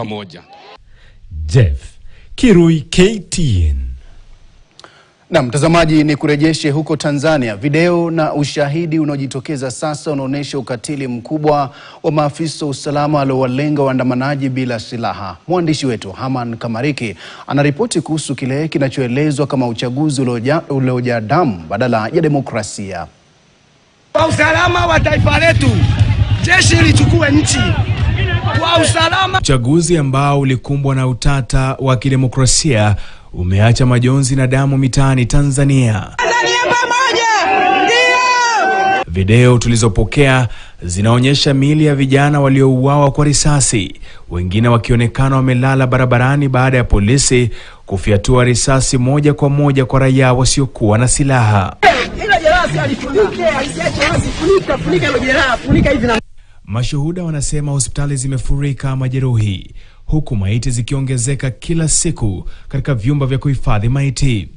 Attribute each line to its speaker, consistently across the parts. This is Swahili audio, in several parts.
Speaker 1: pamoja. Jeff Kirui, KTN. Na mtazamaji, ni kurejeshe huko Tanzania. Video na ushahidi unaojitokeza sasa unaonyesha ukatili mkubwa wa maafisa wa usalama aliowalenga waandamanaji bila silaha. Mwandishi wetu Haman Kamariki anaripoti kuhusu kile kinachoelezwa kama uchaguzi uliojaa damu badala ya demokrasia. Kwa usalama wa taifa letu, jeshi lichukue nchi kwa usalama. Uchaguzi ambao ulikumbwa na utata wa kidemokrasia umeacha majonzi na damu mitaani Tanzania. Video tulizopokea zinaonyesha miili ya vijana waliouawa kwa risasi, wengine wakionekana wamelala barabarani baada ya polisi kufyatua risasi moja kwa moja kwa raia wasiokuwa na silaha. Mashuhuda wanasema hospitali zimefurika majeruhi, huku maiti zikiongezeka kila siku katika vyumba vya kuhifadhi maiti.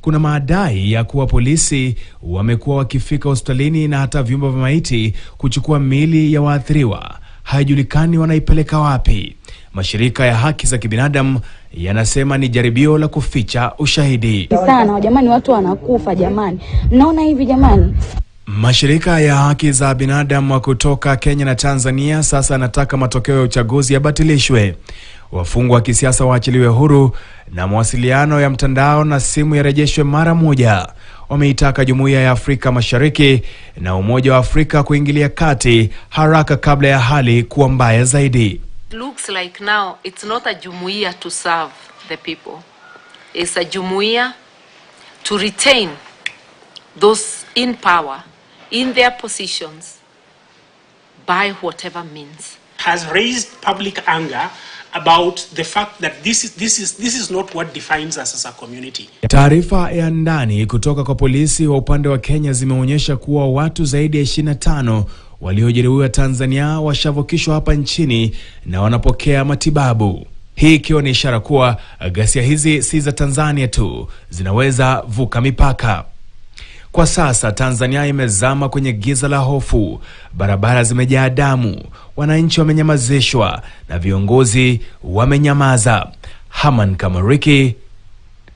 Speaker 1: Kuna madai ya kuwa polisi wamekuwa wakifika hospitalini na hata vyumba vya maiti kuchukua miili ya waathiriwa. Haijulikani wanaipeleka wapi. Mashirika ya haki za kibinadamu yanasema ni jaribio la kuficha ushahidi
Speaker 2: sana. Jamani, watu wanakufa jamani, mnaona hivi jamani,
Speaker 1: Mashirika ya haki za binadamu kutoka Kenya na Tanzania sasa yanataka matokeo ya uchaguzi yabatilishwe, wafungwa wa kisiasa waachiliwe huru, na mawasiliano ya mtandao na simu yarejeshwe mara moja. Wameitaka Jumuiya ya Afrika Mashariki na Umoja wa Afrika kuingilia kati haraka kabla ya hali kuwa mbaya zaidi.
Speaker 3: Those in power in their positions by whatever means.
Speaker 4: Has raised public anger about the fact that this is, this is, this is not what defines us as a community.
Speaker 1: Taarifa ya ndani kutoka kwa polisi wa upande wa Kenya zimeonyesha kuwa watu zaidi ya 25 waliojeruhiwa Tanzania washavukishwa hapa nchini na wanapokea matibabu. Hii ikiwa ni ishara kuwa ghasia hizi si za Tanzania tu, zinaweza vuka mipaka. Kwa sasa Tanzania imezama kwenye giza la hofu, barabara zimejaa damu, wananchi wamenyamazishwa na viongozi wamenyamaza. Haman Kamariki,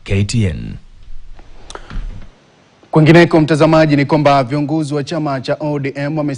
Speaker 1: KTN. Kwingineko mtazamaji, ni kwamba viongozi wa chama cha ODM wame